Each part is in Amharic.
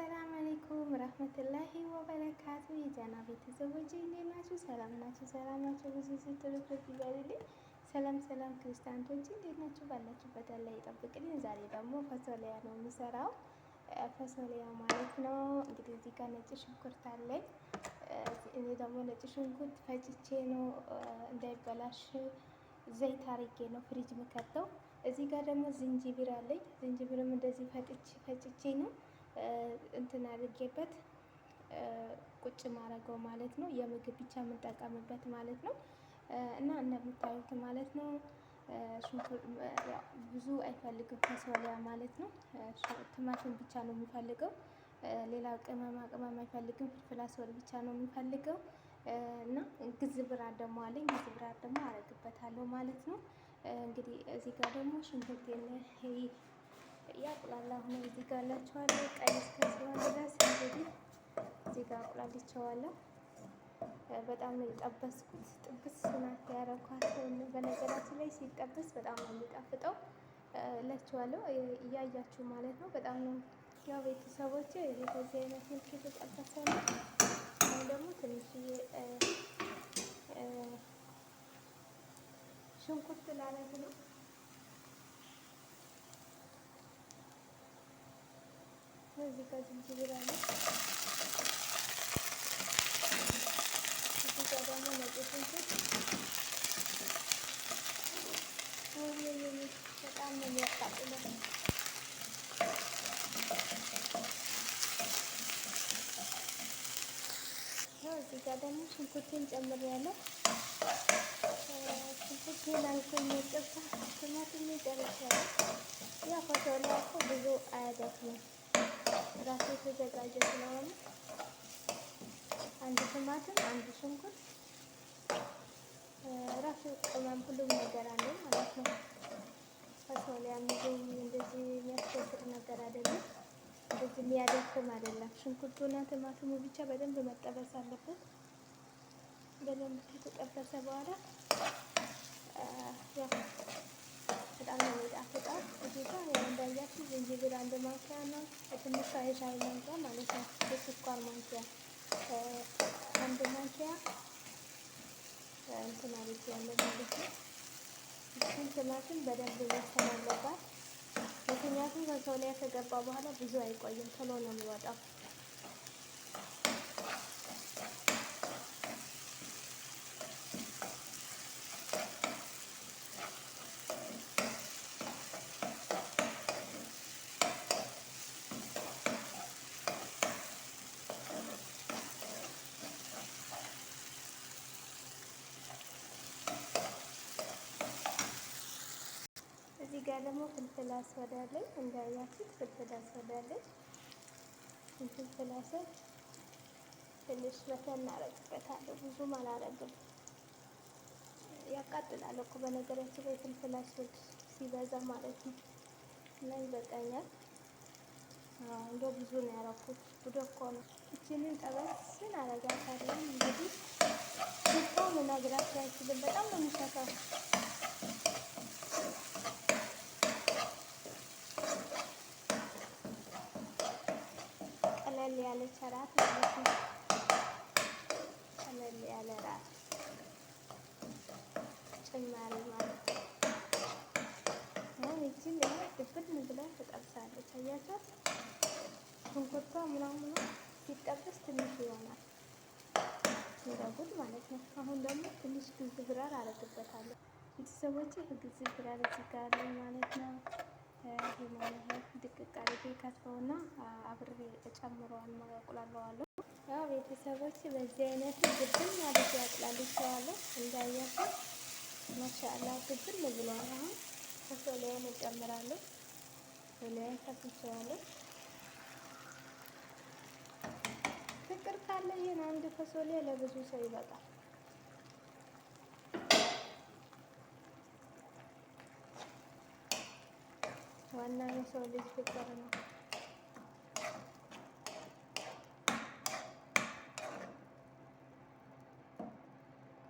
አሰላም አለይኩም ረህመቱላሂ ወበረካቱ። የጃና ቤተሰቦች እንዴት ናችሁ? ሰላም ናችሁ? ሰላም ናችሁ? ብዙ ስትርቶች ይበልልኝ። ሰላም ሰላም ክርስቲያንቶች እንዴት ናችሁ? ባላችሁበት አላህ ይጠብቅልኝ። ዛሬ ደግሞ ፈሶሊያ ነው የምሰራው። ፈሶሊያ ማለት ነው እንግዲህ እዚህ ጋር ነጭ ሽንኩርት አለኝ። እኔ ደግሞ ነጭ ሽንኩርት ፈጭቼ ነው እንዳይበላሽ ዘይት አርጌ ነው ፍሪጅ የምከተው። እዚህ ጋር ደግሞ ዝንጅብር አለኝ። ዝንጅብርም እንደዚህ ፈጭቼ ነው እንትን አድርጌበት ቁጭ ማድረገው ማለት ነው። የምግብ ብቻ የምንጠቀምበት ማለት ነው። እና እንደምታዩት ማለት ነው ብዙ አይፈልግም ከሰሊያ ማለት ነው። ቲማቲም ብቻ ነው የሚፈልገው። ሌላ ቅመማ ቅመም አይፈልግም። ፍልፍል አስወር ብቻ ነው የሚፈልገው እና ግዝ ግዝብራት ደግሞ አለኝ። ብራ ደግሞ አረግበታለሁ ማለት ነው። እንግዲህ እዚህ ጋር ደግሞ ሽንኩርት ያቁላላ ሆኖ እዚህ ጋር ላችኋለሁ። ቀይ ድረስ እንግዲህ እዚህ ጋር አቁላልቸዋለሁ። በጣም ነው የጠበስኩት። ጥብስ ያረኳቸው። በነገራችን ላይ ሲጠበስ በጣም ነው የሚጣፍጠው እላችኋለሁ። እያያችሁ ማለት ነው። በጣም ነው ያው ቤተሰቦች አይነት የተጠበሰ ነው። አሁን ደግሞ ሽንኩርት ነው ነው። እዚህ ጋር ዝንጅብል አለ። እዚህ ጋር ደግሞ ነጭ ሽንኩርት በጣም ነው የሚያቃጥለው። እዚህ ጋር ደግሞ ሽንኩርቴን ጨምሬያለሁ። ሽንኩርቴ ላልኩኝ የጠፋ ቲማቲም ጨርሻለሁ። ያው ከሰው እኮ ብዙ አያደክምም። ራሱ የተዘጋጀ ስለሆነ አንድ ቲማቲም፣ አንድ ሽንኩርት ራሱ ቅመም፣ ሁሉም ነገር አለ ማለት ነው። ከሰው ላይ እንደዚህ የሚያስቸግር ነገር አይደለም። እንደዚህ የሚያደክም አይደለም። ሽንኩርቱና ቲማቲሙ ብቻ በደንብ መጠበስ አለበት። በደንብ ከተጠበሰ በኋላ በጣም ነው የሚጣፍጠው። እዚህ ጋር እንዳያችሁ ዝንጅብል አንድ ማንኪያ ነው። ትንሽ የሻይ ማንኪያ ማለት ነው። የስኳር ማንኪያ አንድ ማንኪያ እንትን አለች ያለው ማለት ነው። እሱን ትናንትን በደንብ መሰል አለባት። ምክንያቱም ከሰው ላይ ከገባ በኋላ ብዙ አይቆይም፣ ቶሎ ነው የሚወጣው። ላይ ደግሞ ፍልፍል አስወድ አለኝ። እንዳያችሁት ፍልፍል አስወድ አለኝ። ፍልፍል አስወድ ትንሽ በተን እናረግበታለሁ። ብዙም አላረግም፣ ያቃጥላል እኮ በነገራችን ላይ ፍልፍል አስወድ ሲበዛ ማለት ነው። እና ይበቃኛል። እንደ ብዙ ነው ያረኩት። ጉድ እኮ ነው። ይችንን ጠበስን አረጋታለሁ። እንግዲህ ሽታውን ምናግራቸው አይችልም። በጣም ነው የሚሰራው ያለች እራት ማለት ነው። ቀለል ያለ እራት ጭማሪ ማለት ነው። ይቺ እዚህ ላይ ድብን ምግላ ትጠብሳለች። ሽንኩርቷ ምናምኑ ሲጠበስ ትንሽ ይሆናል ሲረጉድ ማለት ነው። አሁን ደግሞ ትንሽ ግዝ ብራር አረግበታለሁ። ቤተሰቦች ግዝ ብራር እዚህ ጋር ማለት ነው። ይሄ ድቅቅ አድርጌ ከትፈውና አብሬ እጨምረዋል ነው ያው ቤተሰቦች በዚህ አይነት ግብን አድርጌ አቁላልቸዋለሁ። እንዳያችሁ ማሻአላ ግብን ብሏል። አሁን ከሶሊያን እጨምራለሁ። ሶሊያን ከትቸዋለሁ። ፍቅር ካለ ይህን አንድ ከሶሊያ ለብዙ ሰው ይበቃል። ዋና የሰው ልጅ ፍቅር ነው።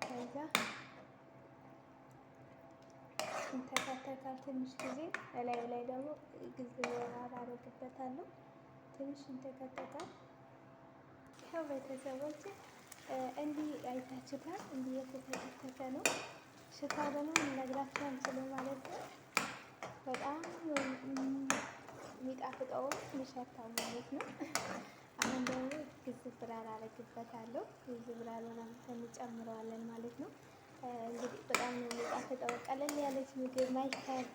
ከዛ ይንተካተካል ትንሽ ጊዜ እላዩ ላይ ደግሞ ጊዜ ወራር አደርግበታለሁ። ትንሽ ይንተካተካል። ይኸው ቤተሰቦች እንዲህ አይታችሁታል። እንዲህ የተተከተከ ነው። ሽታ ደግሞ ልነግራችሁ አንችልም ማለት ነው። በጣም የሚጣፍጠው የሚሸታው ማለት ነው። አሁን ደግሞ ግዝፍ ብራል አረግበታለሁ። ግዝፍ ብራል እንጨምረዋለን ማለት ነው። እንግዲህ በጣም ነው የሚጣፍጠው። ቀለል ያለች ምግብ ማይከብድ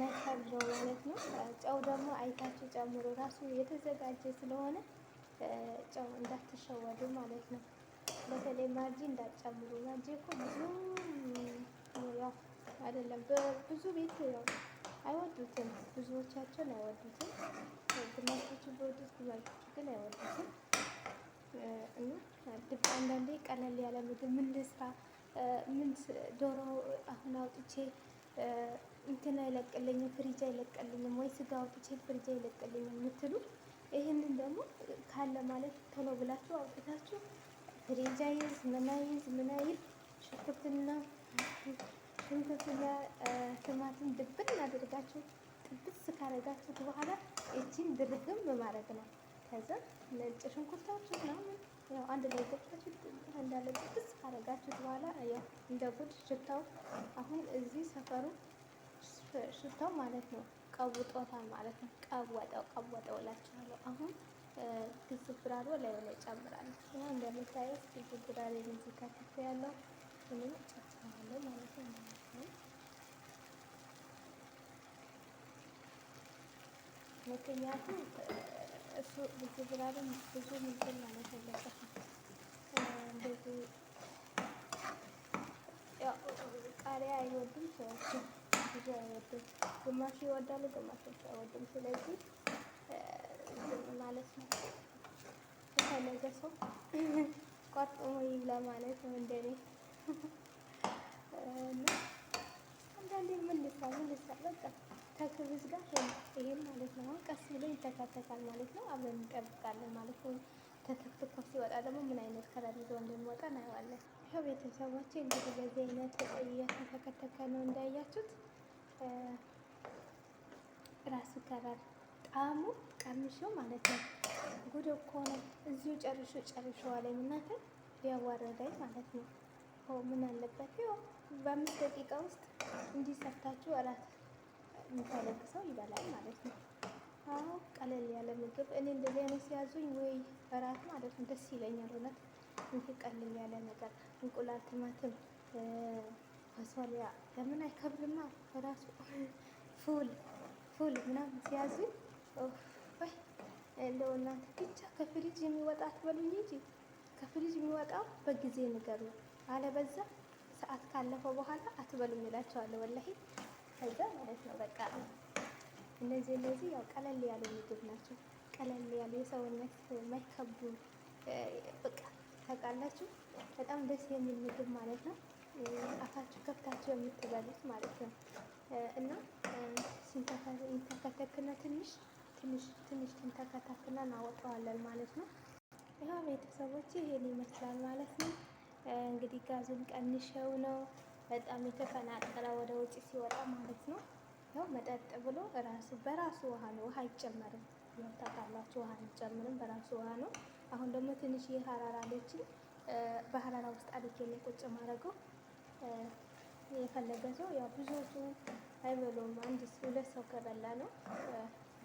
ማይከብደው ማለት ነው። ጨው ደግሞ አይታችሁ ጨምሮ ራሱ የተዘጋጀ ስለሆነ ጨው እንዳትሸወዱ ማለት ነው። በተለይ ማርጂ እንዳትጨምሩ። ማርጂ እኮ ብዙ ያው አይደለም ብዙ ቤት ያው አይወዱትም። ብዙዎቻቸውን አይወዱትም። ግማሾቹ በወዱት ግማሾቹ ግን አይወዱትም። እና አንዳንዴ ቀለል ያለ ምግብ ምን ልስራ፣ ምን ዶሮ አሁን አውጥቼ እንትን አይለቅልኝም፣ ፍሪጅ አይለቅልኝም፣ ወይ ስጋ አውጥቼ ፍሪጅ አይለቅልኝም የምትሉ ይህንን ደግሞ ካለ ማለት ቶሎ ብላችሁ አውጥታችሁ ፍሪጅ አይዝ ምን አይዝ ምን አይል ሽንኩርትና ሽንኩርትና ቲማቲም ድብን አድርጋችሁ ጥብስ ካረጋችሁት በኋላ እቺን ድርግም በማድረግ ነው። ከዛ ነጭ ሽንኩርታችሁ ምናምን ያው አንድ ላይ ገብታችሁ እንዳለ ጥብስ ካረጋችሁት በኋላ ያው እንደ ጉድ ሽታው አሁን እዚህ ሰፈሩ ሽታው ማለት ነው ቀውጦታል ማለት ነው። ቀወጠው ቀወጠው እላችኋለሁ። አሁን ግዝብራሮ ላይ ላይ ጨምራለሁ። ይኸው እንደምታየው ግዝብራሮ እዚህ ከትፍ ያለው ሁሉንም እጨፍረዋለሁ ማለት ነው ማለት ምክንያቱም እሱ ብዙ ብላለን ብዙ ምንትን ማለት የለበትም። ብዙ ቃሪያ አይወድም፣ ሰዎች ብዙ አይወድም። ግማሽ ይወዳሉ፣ ግማሾች አይወድም። ስለዚህ ዝም ማለት ነው የፈለገ ሰው ቆርጦ ይብላ ማለት ነው እንደኔ አንዳንዴ ምን ልሳ ምን ልሳ በቃ ከክብዝ ጋር ይሄን ማለት ነው። አሁን ቀስ ብሎ ይተካተካል ማለት ነው። አብረን እንጠብቃለን ማለት ነው። ተተክቶ ሲወጣ ደግሞ ምን አይነት ከለር ይዞ እንደሚወጣ እናየዋለን። ይኸው ቤተሰቦቼ እንግዲህ በዚህ አይነት እየተተከተከ ነው እንዳያችሁት። ራሱ ከረር ጣዕሙ ቀምሾ ማለት ነው። ጉድ እኮ ነው። እዚሁ ጨርሾ ጨርሸዋለኝ እናንተ ሊያዋረዳኝ ማለት ነው። ምን አለበት ያው በአምስት ደቂቃ ውስጥ እንዲሰርታችሁ እራት የሚፈልግ ሰው ይበላል ማለት ነው። አዎ ቀለል ያለ ምግብ እኔ እንደዚህ አይነት ሲያዙኝ ወይ እራት ማለት ነው ደስ ይለኛል። እውነት እንጂ ቀለል ያለ ነገር እንቁላል፣ ትማትም በሶሊያ ለምን አይከብድማ ራሱ ፉል ፉል ምናምን ሲያዙኝ እንደው እናንተ ብቻ ከፍሪጅ የሚወጣ አትበሉኝ እንጂ ከፍሪጅ የሚወጣው በጊዜ ነገር አለበዛ ሰዓት ካለፈው በኋላ አትበሉም እላቸዋለሁ። ወላሂ ከዛ ማለት ነው በቃ እነዚህ እነዚህ ያው ቀለል ያሉ ምግብ ናቸው። ቀለል ያሉ የሰውነት ማይከቡ በቃ ታውቃላችሁ፣ በጣም ደስ የሚል ምግብ ማለት ነው። አፋችሁ ከፍታችሁ የምትበሉት ማለት ነው እና ሲንተከተክና ትንሽ ትንሽ ትንሽ ሲንተከተክና እናወጣዋለን ማለት ነው። ይኸው ቤተሰቦች ይሄን ይመስላል ማለት ነው። እንግዲህ ጋዙን ቀንሸው ነው በጣም የተፈናቀለ ወደ ውጭ ሲወጣ ማለት ነው። ያው መጠጥ ብሎ ራሱ በራሱ ውሃ ነው፣ ውሃ አይጨመርም። ታውቃላችሁ፣ ውሃ አይጨምርም፣ በራሱ ውሃ ነው። አሁን ደግሞ ትንሽ ይህ አለችኝ፣ በሀራራ ውስጥ አድርጌ ነው ቁጭ ማድረገው። የፈለገ ሰው ያው ብዙዎቹ አይበሉም፣ አንድ ሁለት ሰው ከበላ ነው።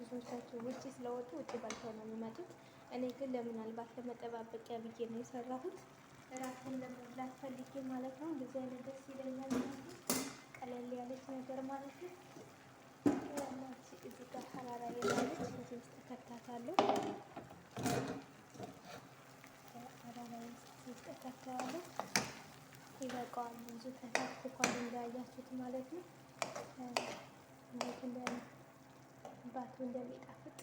ብዙዎቻቸው ውጭ ስለወጡ ውጭ በልተው ነው የሚመጡት። እኔ ግን ለምናልባት ለመጠባበቂያ ብዬ ነው የሰራሁት። እራትን ለመብላት ፈልጌ ማለት ነው። እንደዚህ አይነት ደስ ይለኛል ማለት ነው። ቀለል ያለች ነገር ማለት ነው። ያላች እዚህ ጋር ሀራራ የላለች እዚህ ውስጥ ከታታለሁ። ሀራራ ውስጥ ከታታለሁ። ይበቃዋል። ብዙ ተሳትፏል እንዳያችሁት ማለት ነው። እንዴት እንደሚባቱ እንደሚጣፍጥ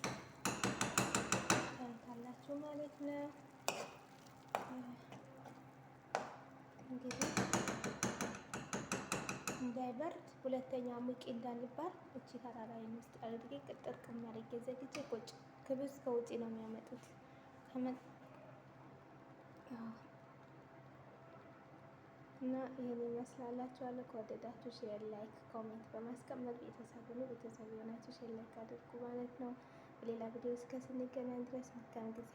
ታያላችሁ ማለት ነው። እንግዲህ እንዳይበርድ ሁለተኛው ሙቅ እንዳልባል እቺ ተራራዊ ውስጥ አድርጌ ቅጥር ቅማል ገዘግቼ ቁጭ ክብዝ ከውጪ ነው የሚያመጡት። እና ይህን ይመስላላችኋል። ከወደዳችሁ ሼር፣ ላይክ፣ ኮሜንት በማስቀመጥ ቤተሰብ ነው ቤተሰብ የሆናችሁ ሼር ላይክ አድርጉ ማለት ነው። በሌላ ቪዲዮ እስከ ስንገናኝ ድረስ መልካም ጊዜ